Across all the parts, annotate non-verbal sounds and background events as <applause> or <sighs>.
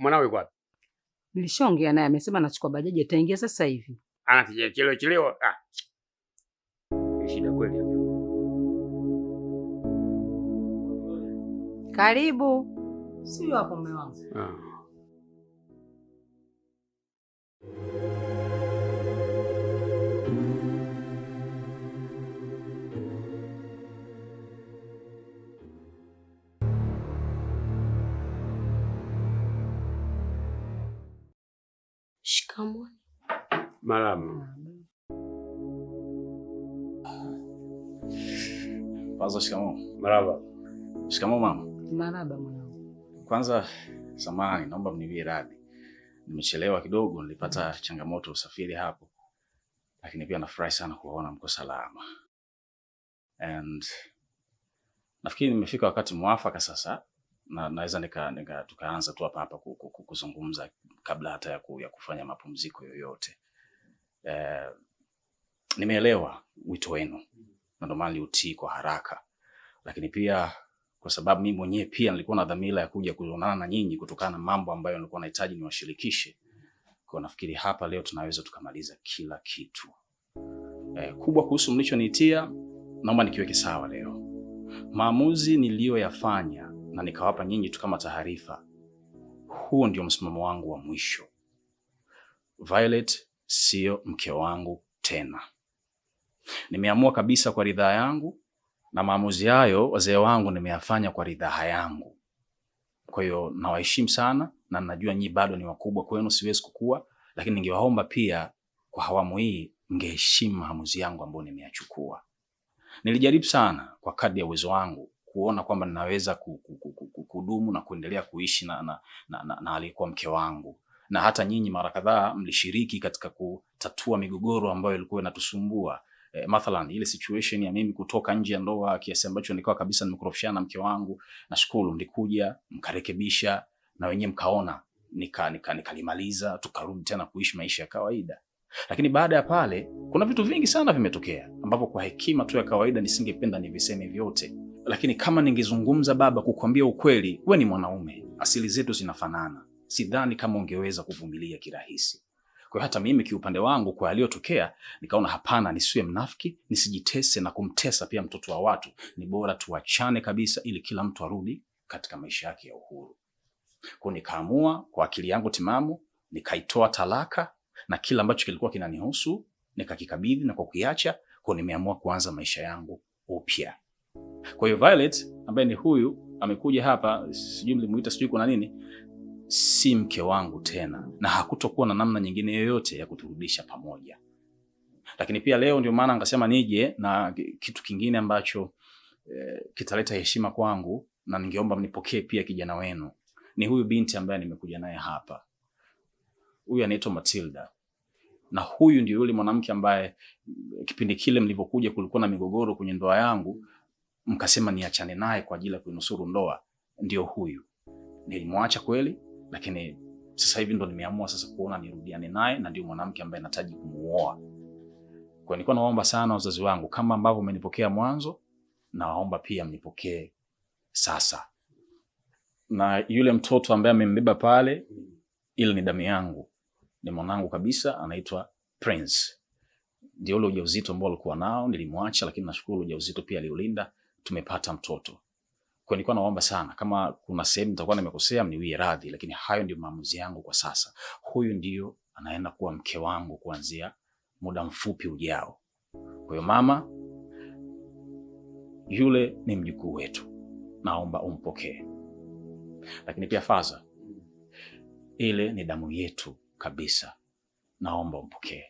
mwanawe kwapi? Nilishaongea naye amesema anachukua bajaji ataingia sasa hivi. Anachelewa chelewa. Ah. Shida kweli. Karibu. Sio hapo mume wangu. Ah. malamu. Kwanza shikamoo. Maraba. Shikamoo mama. Maraba mwanangu. Kwanza samahani, naomba mniwie radhi, nimechelewa kidogo, nilipata changamoto usafiri hapo, lakini pia nafurahi sana kuwaona mko salama and nafikiri nimefika wakati mwafaka sasa na naweza nika, nika tukaanza tu hapa hapa kuzungumza kabla hata ya, ku, ya kufanya mapumziko yoyote eh, nimeelewa wito wenu na ndio maana niliutii kwa haraka, lakini pia kwa sababu mimi mwenyewe pia nilikuwa na dhamira ya kuja kuonana na nyinyi kutokana na mambo ambayo nilikuwa nahitaji niwashirikishe. Kwa nafikiri hapa leo tunaweza tukamaliza kila kitu eh, kubwa kuhusu mlichoniitia. Naomba nikiweke sawa leo, maamuzi niliyoyafanya na nikawapa nyinyi tu kama taarifa, huo ndio msimamo wangu wa mwisho Violet sio mke wangu tena. Nimeamua kabisa kwa ridhaa yangu, na maamuzi hayo wazee wangu nimeyafanya kwa ridhaa yangu. Kwa hiyo nawaheshimu sana, na najua nyi bado ni wakubwa kwenu, siwezi kukua, lakini ningewaomba pia kwa hawamu hii ngeheshimu maamuzi yangu ambayo nimeyachukua. Nilijaribu sana kwa kadri ya uwezo wangu kuona kwamba ninaweza kudumu na kuendelea kuishi na, na, na, na, na aliyekuwa mke wangu, na hata nyinyi mara kadhaa mlishiriki katika kutatua migogoro ambayo ilikuwa inatusumbua. E, mathalan ile situation ya mimi kutoka nje ya ndoa kiasi ambacho nikawa kabisa nimekorofishana na mke wangu, na shukuru mlikuja mkarekebisha na wenyewe mkaona, nika nikalimaliza nika tukarudi tena kuishi maisha ya kawaida. Lakini baada ya pale kuna vitu vingi sana vimetokea ambavyo kwa hekima tu ya kawaida nisingependa niviseme vyote, lakini kama ningezungumza baba, kukwambia ukweli, we ni mwanaume, asili zetu zinafanana sidhani kama ungeweza kuvumilia kirahisi. Kwa hiyo hata mimi kiupande wangu kwa aliyotokea, nikaona hapana, nisiwe mnafiki, nisijitese na kumtesa pia mtoto wa watu. Ni bora tuachane kabisa, ili kila mtu arudi katika maisha yake ya uhuru. Kwa nikaamua kwa akili yangu timamu, nikaitoa talaka na kila ambacho kilikuwa kinanihusu nikakikabidhi, na kwa kuiacha kwa, nimeamua kuanza maisha yangu upya. Kwa hiyo Violet ambaye ni huyu amekuja hapa, sijui mlimuita, sijui kuna nini, si mke wangu tena, na hakutokuwa na namna nyingine yoyote ya kuturudisha pamoja. Lakini pia leo ndio maana nikasema nije na kitu kingine ambacho eh, kitaleta heshima kwangu, na ningeomba mnipokee pia kijana wenu. Ni huyu binti ambaye nimekuja naye hapa, huyu anaitwa Matilda na huyu ndio yule mwanamke ambaye eh, kipindi kile mlivyokuja kulikuwa na migogoro kwenye ndoa yangu, mkasema niachane naye kwa ajili ya kuinusuru ndoa. Ndio huyu, nilimwacha kweli, lakini sasa hivi ndo nimeamua sasa kuona nirudiane naye na ndio mwanamke ambaye nataji kumuoa. Kwa nilikuwa naomba sana wazazi wangu, kama ambavyo mmenipokea mwanzo, nawaomba pia mnipokee sasa. Na yule mtoto ambaye amembeba pale, ile ni damu yangu, ni mwanangu kabisa, anaitwa Prince. Ndio ule ujauzito ambao alikuwa nao, nilimwacha, lakini nashukuru ujauzito pia aliulinda, tumepata mtoto. Kwa nilikuwa naomba sana kama kuna sehemu nitakuwa nimekosea mniwie radhi, lakini hayo ndio maamuzi yangu kwa sasa. Huyu ndio anaenda kuwa mke wangu kuanzia muda mfupi ujao. Kwa hiyo mama, yule ni mjukuu wetu, naomba umpokee. Lakini pia Faza, ile ni damu yetu kabisa, naomba umpokee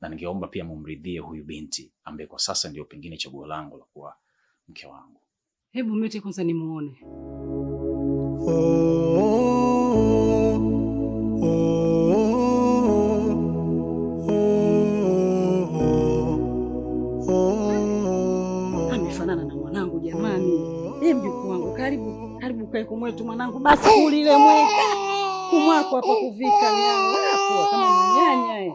na ningeomba pia mumridhie huyu binti ambaye kwa sasa ndio pengine chaguo langu la kuwa mke wangu. Hebu mlete kwanza nimuone. Amefanana na mwanangu jamani. Hebu ee, mjukuu wangu, karibu karibu kaeko mwetu mwanangu, basi kulile mweka kumwako hapa kuvika kama manyanya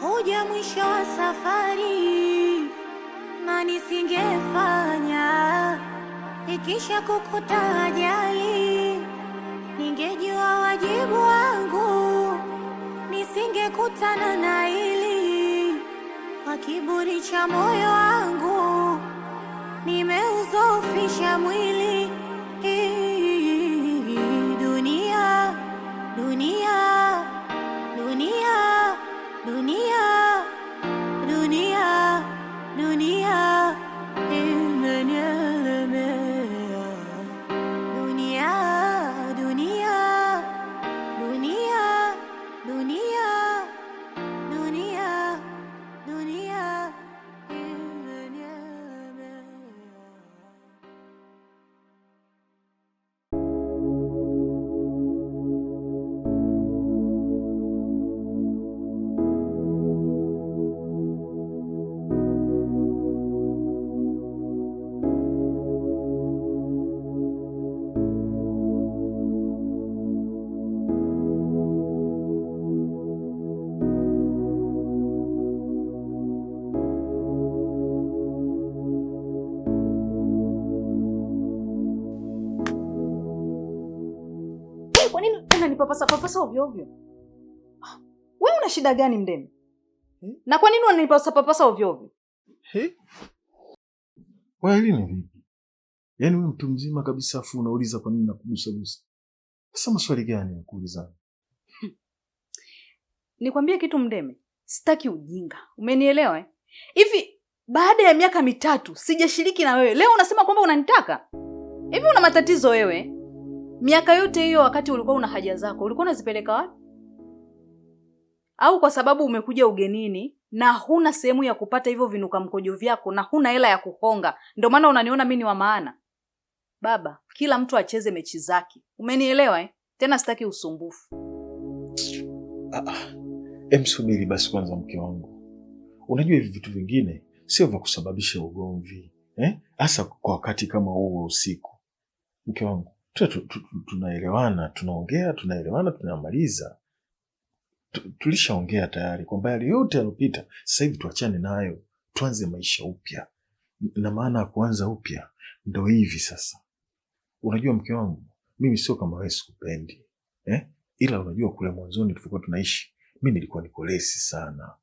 huja mwisho wa safari, na nisingefanya ikisha kukuta ajali, ningejua wajibu wangu, nisingekutana na hili. Kwa kiburi cha moyo wangu nimeuzofisha mwili. Dunia, dunia papasa papasa ovyo ovyo. Wewe una shida gani mdeni? Hmm? Na kwa nini unanipapasa papasa ovyo ovyo? Hey? Wewe ni vipi? Yaani wewe mtu mzima kabisa afu unauliza kwa nini nakugusa gusa. Sasa maswali gani nakuuliza? Hmm. Nikwambie kitu mdeme, sitaki ujinga. Umenielewa eh? Hivi baada ya miaka mitatu sijashiriki na wewe. Leo unasema kwamba unanitaka? Hivi una matatizo wewe? Miaka yote hiyo, wakati ulikuwa una haja zako, ulikuwa unazipeleka wapi? Au kwa sababu umekuja ugenini na huna sehemu ya kupata hivyo vinuka mkojo vyako na huna hela ya kukonga, ndio maana unaniona mimi ni wa maana? Baba, kila mtu acheze mechi zake, umenielewa eh? Tena sitaki usumbufu. Ah, ah. Emsubiri basi kwanza, mke wangu. Unajua hivi vitu vingine sio vya kusababisha ugomvi eh? hasa eh? Kwa wakati kama huu wa usiku, mke wangu tunaelewana, tunaongea, tunaelewana, tunamaliza. Tulishaongea tayari kwamba yale yote yalopita sasa hivi tuachane nayo, tuanze maisha upya. Na maana ya kuanza upya ndo hivi sasa. Unajua mke wangu, mimi sio kama wewe, sikupendi eh? Ila unajua kule mwanzoni tulikuwa tunaishi, mi nilikuwa nikolesi sana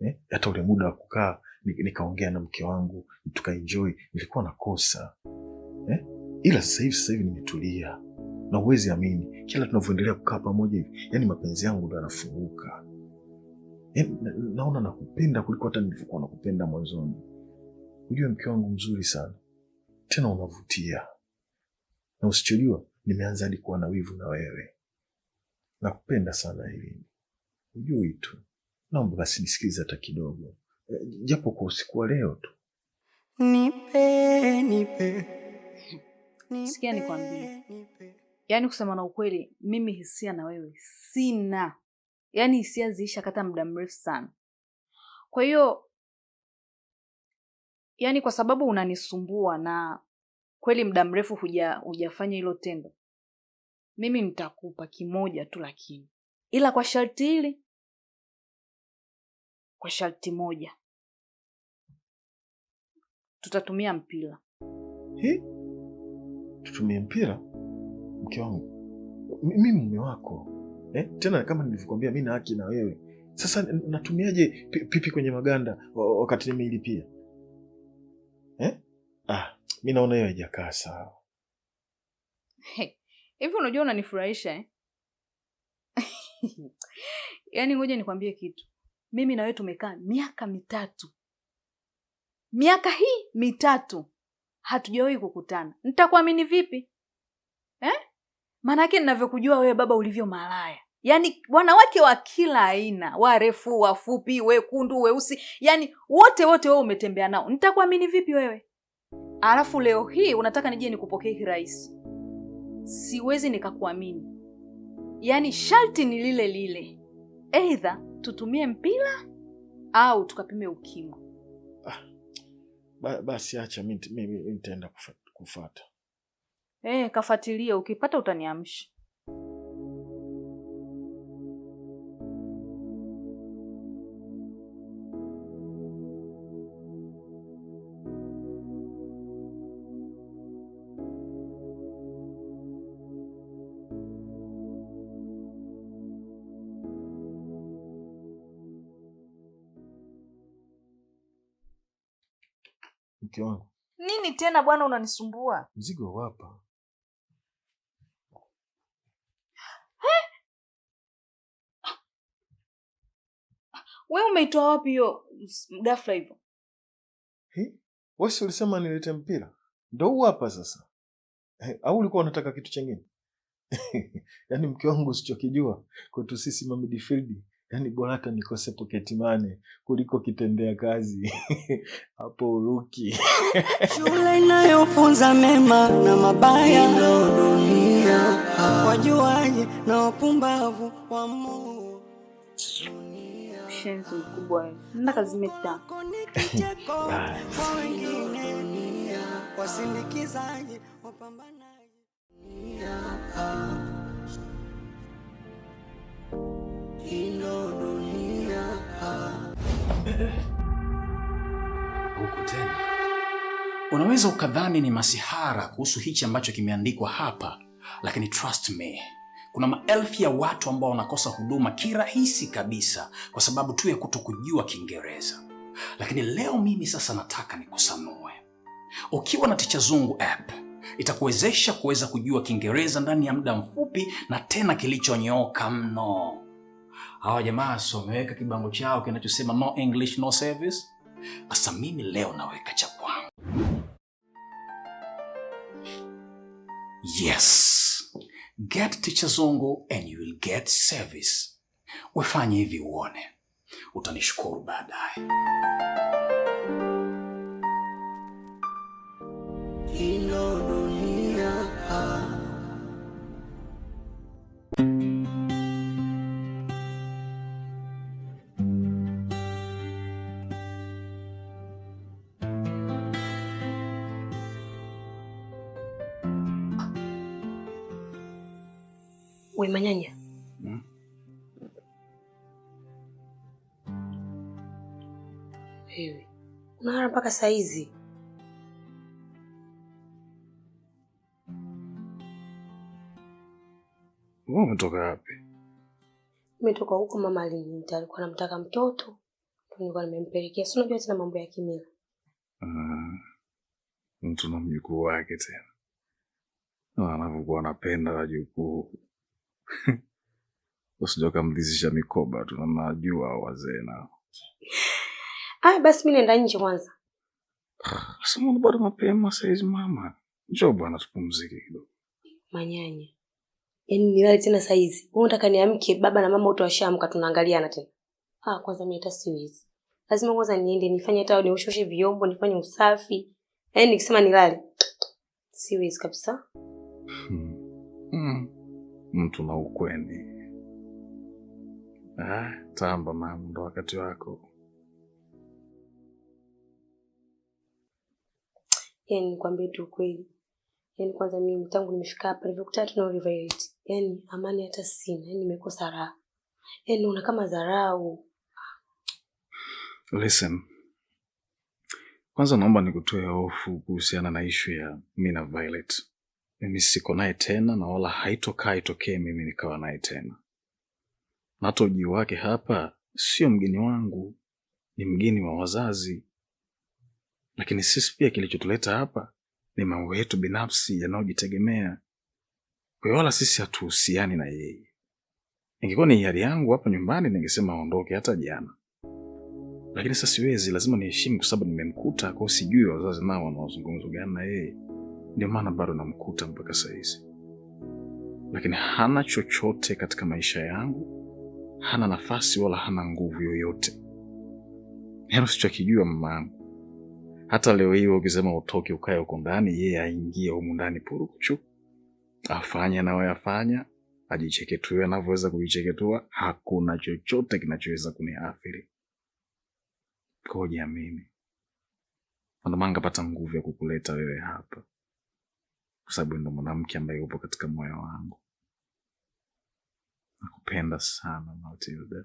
eh? hata eh? ule muda wa kukaa nikaongea na mke wangu tukaenjoi nilikuwa nakosa ila sasa hivi sasa hivi nimetulia, na uwezi amini, kila tunavyoendelea kukaa pamoja hivi, yani mapenzi yangu ndo yanafunguka. Yaani, naona nakupenda kuliko hata nilivyokuwa nakupenda mwanzoni. Ujue mke wangu mzuri sana, tena unavutia, na usichojua nimeanza hadi kuwa na wivu na wewe. Nakupenda sana hivi, ujui tu. Naomba basi nisikilize hata kidogo, eh, japo kwa usiku wa leo tu. Nipe, nipe Sikia nikwambie, yaani kusema na ukweli, mimi hisia na wewe sina, yaani hisia ziisha kata muda mrefu sana. Kwa hiyo yaani, kwa sababu unanisumbua na kweli muda mrefu huja hujafanya hilo tendo, mimi nitakupa kimoja tu, lakini ila kwa sharti hili, kwa sharti moja, tutatumia mpira He? tutumie mpira, mke wangu, mimi mume wako eh? Tena kama nilivyokuambia, mi na haki na wewe. Sasa natumiaje pipi kwenye maganda wakati nimeilipia eh? Ah, mi naona hiyo haijakaa sawa hivi. Hey, unajua unanifurahisha eh? <laughs> Yaani ngoja nikwambie kitu, mimi na wewe tumekaa miaka mitatu, miaka hii mitatu hatujawahi kukutana, nitakuamini vipi eh? Maanake ninavyokujua wewe baba ulivyo malaya, yaani wanawake wa kila aina, warefu, wafupi, wekundu, weusi, yaani wote wote wewe umetembea nao, nitakuamini vipi wewe? Alafu leo hii unataka nije nikupokee kirahisi? Siwezi nikakuamini. Yaani sharti ni lile lile, eidha tutumie mpira au tukapime ukimwi ba, basi acha mimi nitaenda kufata. Eh, kafatilia ukipata utaniamsha. Mke wangu. Nini tena bwana, unanisumbua? Mzigo wapa we, umeitoa wapi hiyo ghafla hivyo? Wesi, ulisema nilete mpira, ndo huu hapa sasa. He, au ulikuwa unataka kitu chengine? <laughs> Yaani mke wangu usichokijua kwetu sisi mamidifield yani bora hata nikose pocket money kuliko kitendea kazi <laughs> hapo Uruki. <laughs> Shule inayofunza mema na mabaya, dunia. Wajuaji na wapumbavu wa Mungu shenzi mkubwa nda kazi meta wasindikizaji wapambanaji tena. Unaweza ukadhani ni masihara kuhusu hichi ambacho kimeandikwa hapa, lakini trust me, kuna maelfu ya watu ambao wanakosa huduma kirahisi kabisa kwa sababu tu ya kutokujua Kiingereza. Lakini leo mimi sasa nataka nikusanue. Ukiwa na Ticha Zungu app itakuwezesha kuweza kujua Kiingereza ndani ya muda mfupi na tena kilichonyooka mno. Hawa jamaa wameweka kibango chao kinachosema no English no service. Sasa mimi leo naweka cha kwangu. Yes. Get Teacher Zongo and you will get service. Wefanye hivi uone, utanishukuru baadaye. we manyanya hmm? Wewe mpaka saa hizi umetoka wapi? Umetoka huko mama aliniita, alikuwa anamtaka mtoto, nilikuwa nimempelekea. Si unajua tena mambo ya kimila hmm. mtu na mjukuu wake tena anavyokuwa anapenda wajukuu usije <laughs> ukamlizisha mikoba tu, najua wazee nao. Aya, ah, basi mi nenda nje kwanza. Sasa <sighs> bado mapema saizi mama, njoo bwana tupumzike kidogo. Manyanya, yaani nilale tena saizi? Wewe unataka niamke? Baba na mama wote washaamka, tunaangaliana tena. Ah, kwanza mimi hata siwezi, lazima kwanza niende nifanye hata nioshoshe vyombo, nifanye usafi. Yaani nikisema nilale siwezi kabisa. Hmm mtu na ukweni. Ah, tamba mama, ndo wakati wako. Yani nikwambie tu ukweli, yani kwanza mimi tangu nimefika hapa nilivyokuta na Oliverite, yani amani hata sina, yani nimekosa raha, yani naona kama dharau. Listen, kwanza naomba nikutoe hofu kuhusiana na ishu ya mimi na Violet mimi siko naye tena, na wala haitokaa itokee mimi nikawa naye tena, na hata ujio wake hapa sio mgeni wangu, ni mgeni wa wazazi. Lakini sisi pia kilichotuleta hapa ni mambo yetu binafsi yanayojitegemea, kwa hiyo wala sisi hatuhusiani na yeye. Ingekuwa ni hiari yangu hapa nyumbani, ningesema aondoke hata jana, lakini sasa siwezi, lazima niheshimu, kwa sababu nimemkuta kwao. Sijui wazazi nao wanaozungumza gani na yeye. Ndio maana bado namkuta mpaka saa lakini hana chochote katika maisha yangu, hana nafasi wala hana nguvu yoyote. Hilo yaani sichokijua mama yangu. Hata leo hii ukisema utoke ukae huko ndani, yeye aingie humu ndani purukuchu, afanye anayoyafanya, ajicheketue anavyoweza kujicheketua. Hakuna chochote kinachoweza kuniathiri. Koja mimi andamanga pata nguvu ya kukuleta wewe hapa kwa sababu ndo mwanamke ambaye upo katika moyo wangu. Nakupenda sana Matilda.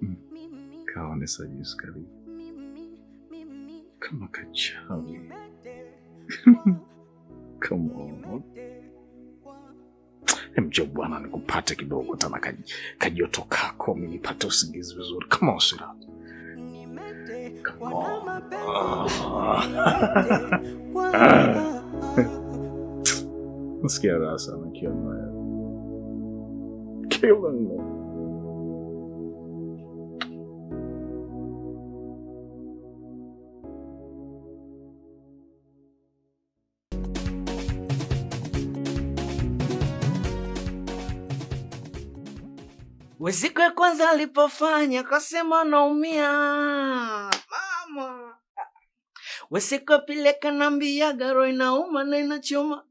Mm. Kaone karibu kama kachawi <laughs> mjo bwana, nikupate kidogo tana kajoto kako, minipate nipate usingizi vizuri kama usirati Let's get out something killing my kwanza alipofanya kasema naumia Usikopileka nambiaga, roho inauma na inachoma.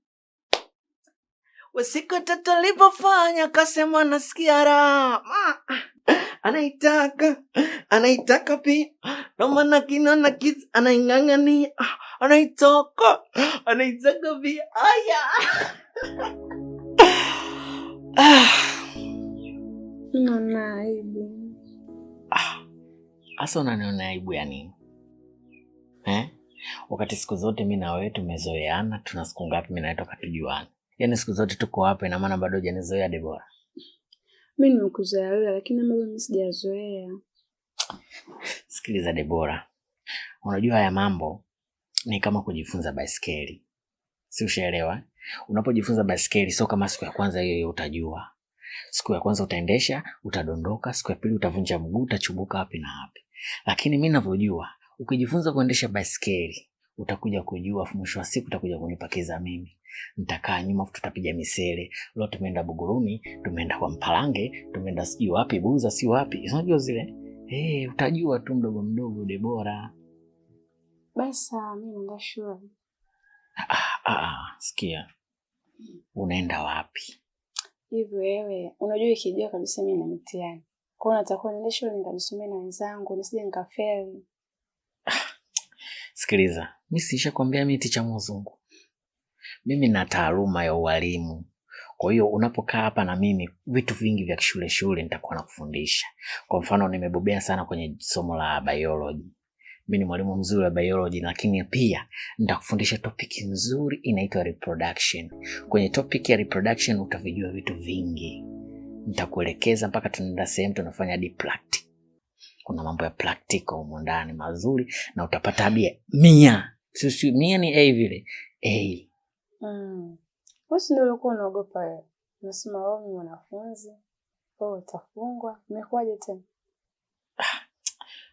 Usiku tatu alipofanya kasema anasikia rama ah, anaitaka anaitaka pia nomana kina na anaing'ang'ania ah, anaitoka anaitaka pia aya ah. naona aibu hasa. Unaniona aibu ya nini eh? wakati siku zote mi na wewe tumezoeana. Tuna siku ngapi mi nawe toka tujuane? Yaani siku zote tuko hapa, ina maana bado hujanizoea Debora? Mi nimekuzoea wewe, lakini ambavyo mi sijazoea. Sikiliza Debora, unajua haya mambo ni kama kujifunza baiskeli, si ushaelewa? Unapojifunza baiskeli, sio kama siku ya kwanza hiyo hiyo utajua. Siku ya kwanza utaendesha, utadondoka, siku ya pili utavunja mguu, utachubuka hapi na hapi, lakini mi navyojua Ukijifunza kuendesha baiskeli utakuja kujua, afu mwisho wa siku utakuja kunipakiza mimi, nitakaa nyuma, afu tutapiga misele. Leo tumeenda Buguruni, tumeenda kwa Mpalange, tumeenda sijui wapi Buza, si wapi, unajua zile hey, eh, utajua tu mdogo mdogo. Debora, basa mimi naenda shule. Ah ah, ah, ah, sikia, unaenda wapi hivi? wewe? Unajua ikijua kabisa mimi na mtihani kwao, natakuwa niende shule nikajisomee na wenzangu nisije nikafeli. Sikiliza, mi siisha kwambia miti cha mzungu, mimi na taaluma ya ualimu. Kwa hiyo unapokaa hapa na mimi, vitu vingi vya kishule shule nitakuwa nakufundisha. Kwa mfano, nimebobea sana kwenye somo la biology. Mimi ni mwalimu mzuri wa biology, lakini pia nitakufundisha topic nzuri inaitwa reproduction. Kwenye topic ya reproduction utavijua vitu vingi, nitakuelekeza mpaka tunaenda sehemu tunafanya hadi practice kuna mambo ya practical humo ndani mazuri, na utapata tabia mia sisi mia ni a vile a mm. Wewe ndio ulikuwa unaogopa wewe, unasema ni mwanafunzi wao utafungwa, imekuwaje tena?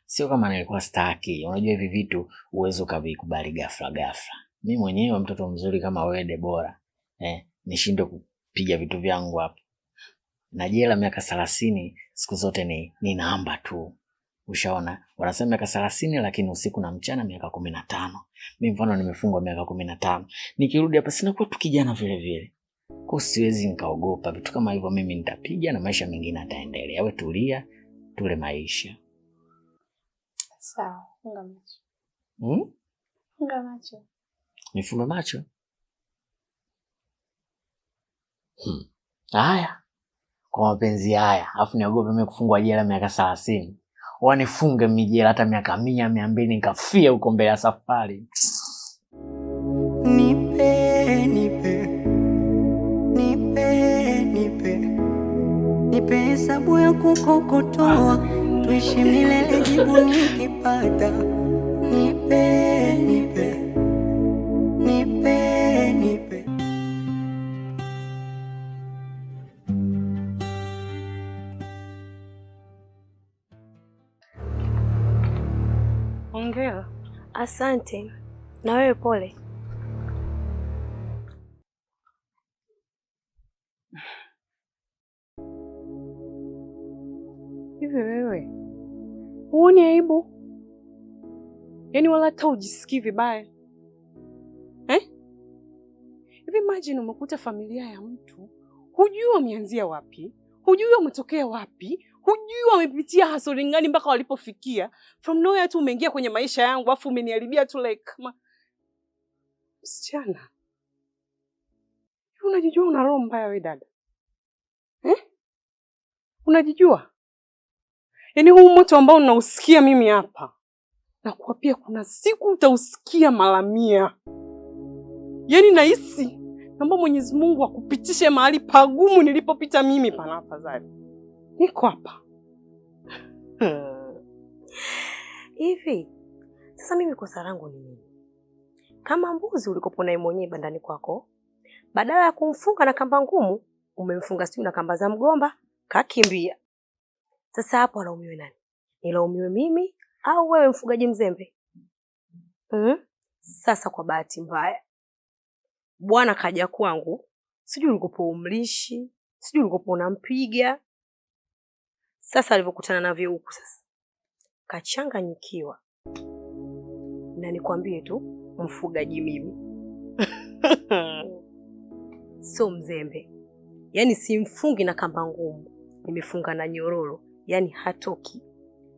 Sio kama nilikuwa staki. Unajua hivi vitu uwezo kavikubali ghafla ghafla. Mi mwenyewe mtoto mzuri kama wewe Debora, eh, nishindwe kupiga vitu vyangu hapa na jela miaka thelathini siku zote ni, ni namba tu Ushaona, wanasema miaka thelathini lakini usiku na mchana miaka kumi na tano. Mi mfano nimefungwa miaka kumi na tano, nikirudi hapa sinakuwa tu kijana vilevile vile, siwezi nikaogopa vitu kama hivyo. Mimi nitapiga na maisha mengine ataendelea. We tulia, tule maisha sawa. Funga macho hmm? Funga macho, nifunge macho hmm. Haya, kwa mapenzi haya, alafu niogope mi kufungwa jela miaka thelathini? wanifunge mijela hata miaka mia mia mbili nikafia huko mbele ya safari. Nipe, nipe, nipe, nipe, nipe hesabu ya kukokotoa tuishi milele, jibu nikipata nipe Asante na wewe pole. Hivi wewe huoni aibu? Yaani wala hata ujisikii vibaya eh? Hivi imagine umekuta familia ya mtu, hujui wameanzia wapi, hujui wametokea wapi hujui wamepitia hasori ngani mpaka walipofikia. From nowhere tu umeingia kwenye maisha yangu, afu umeniharibia tu like ma... msichana. Unajijua una roho mbaya we dada eh? Unajijua yaani, huu moto ambao unausikia mimi hapa nakuapia, kuna siku utausikia mara mia. Yaani nahisi naomba Mwenyezi Mungu akupitishe mahali pagumu nilipopita mimi pana afadhali niko hapa <laughs> hivi. Sasa mimi kosa langu ni nini? Kama mbuzi ulikopo naye mwenyewe bandani kwako, badala ya kumfunga na kamba ngumu umemfunga sijui na kamba za mgomba, kakimbia. Sasa hapo alaumiwe nani? Nilaumiwe mimi au wewe, mfugaji mzembe? Hmm? Sasa kwa bahati mbaya bwana kaja kwangu, sijui ulikopo umlishi, sijui ulikopo unampiga sasa alivyokutana navyo huku sasa kachanganyikiwa, na nikwambie tu mfugaji mimi <laughs> so mzembe, yaani simfungi na kamba ngumu, nimefunga na nyororo, yaani hatoki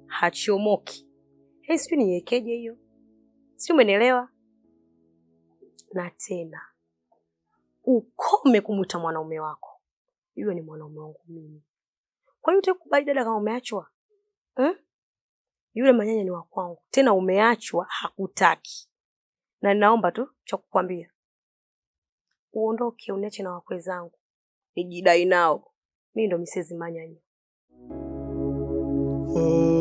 hachomoki. Hei, sijui niwekeje hiyo, si umenielewa? Na tena ukome kumwita mwanaume wako, yule ni mwanaume wangu mimi kwa hiyo utakubali dada kama umeachwa? eh? Yule manyanya ni wa kwangu. Tena umeachwa hakutaki. Na ninaomba tu cha kukwambia. Uondoke uniache na wakwe zangu. Nijidai nao. Mimi ndo misezi manyanya. Oh.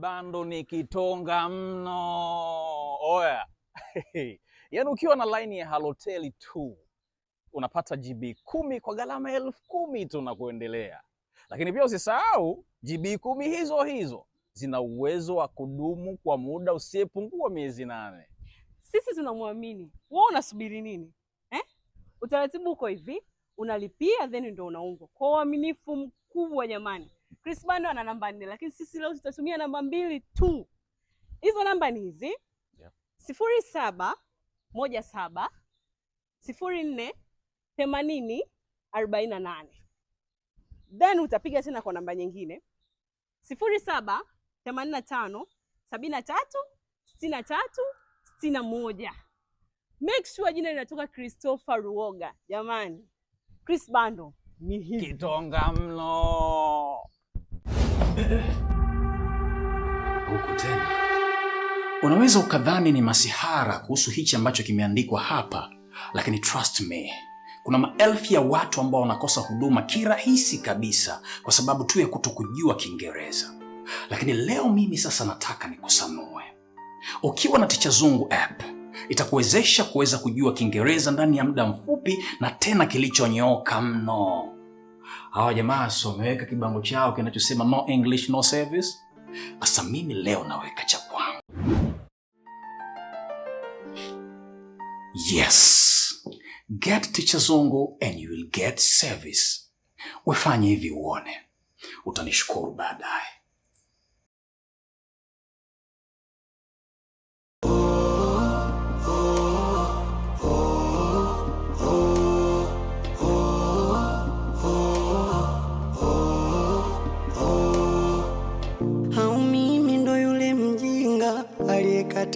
bando ni kitonga mno, oya <laughs> yaani ukiwa na laini ya Halotel tu unapata GB kumi kwa gharama elfu kumi tu na kuendelea. Lakini pia usisahau GB kumi hizo hizo zina uwezo wa kudumu kwa muda usiyepungua miezi nane. Sisi tunamwamini wewe, unasubiri nini eh? Utaratibu uko hivi, unalipia then ndio unaungwa kwa uaminifu mkubwa jamani. Chris Bando ana namba nne, lakini sisi leo tutatumia namba mbili tu. Hizo namba ni hizi yeah. sifuri saba moja saba sifuri nne themanini arobaini na nane then utapiga tena kwa namba nyingine sifuri saba themanini na tano sabini na tatu sitini na tatu sitini na moja. Make sure jina linatoka Christopher Ruoga jamani. Chris Bando ni hii kitonga mno. <laughs> Huku tena unaweza ukadhani ni masihara kuhusu hichi ambacho kimeandikwa hapa, lakini trust me, kuna maelfu ya watu ambao wanakosa huduma kirahisi kabisa kwa sababu tu ya kutokujua Kiingereza. Lakini leo mimi sasa nataka nikusanue. Ukiwa na Ticha Zungu app itakuwezesha kuweza kujua Kiingereza ndani ya muda mfupi na tena kilichonyooka mno hawa jamaa si wameweka kibango chao kinachosema no English no service. Sasa mimi leo naweka cha kwangu. Yes, get teacher Zungu and you will get service. Wefanye hivi uone, utanishukuru baadaye.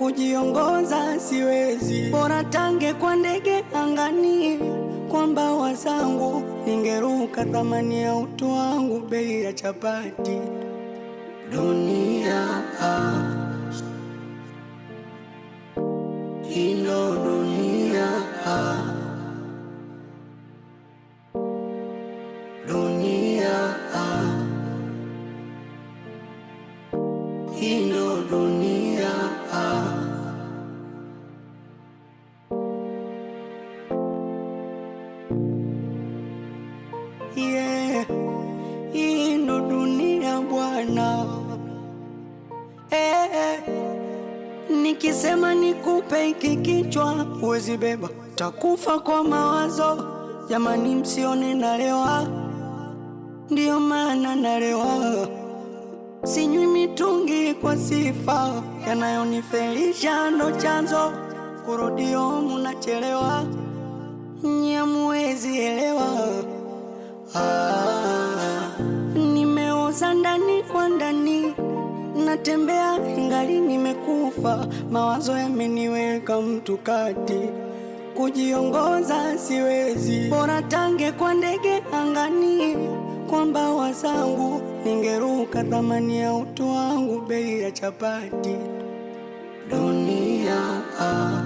kujiongoza siwezi, bora tange kwa ndege angani, kwa mbawa zangu ningeruka. Thamani ya utu wangu bei ya chapati. Dunia ah, ino nikisema nikupe hiki kichwa uwezi beba, takufa kwa mawazo. Jamani, msione nalewa, ndiyo maana nalewa. Sinywi mitungi kwa sifa, yanayonifelisha ndo chanzo, kurudio munachelewa, nyie muwezi elewa. Ah, nimeoza ndani kwa ndani natembea ingali nimekufa, mawazo yameniweka mtu kati, kujiongoza siwezi, bora tange kwa ndege angani, kwa mbawa zangu ningeruka, thamani ya utu wangu bei ya chapati dunia ah.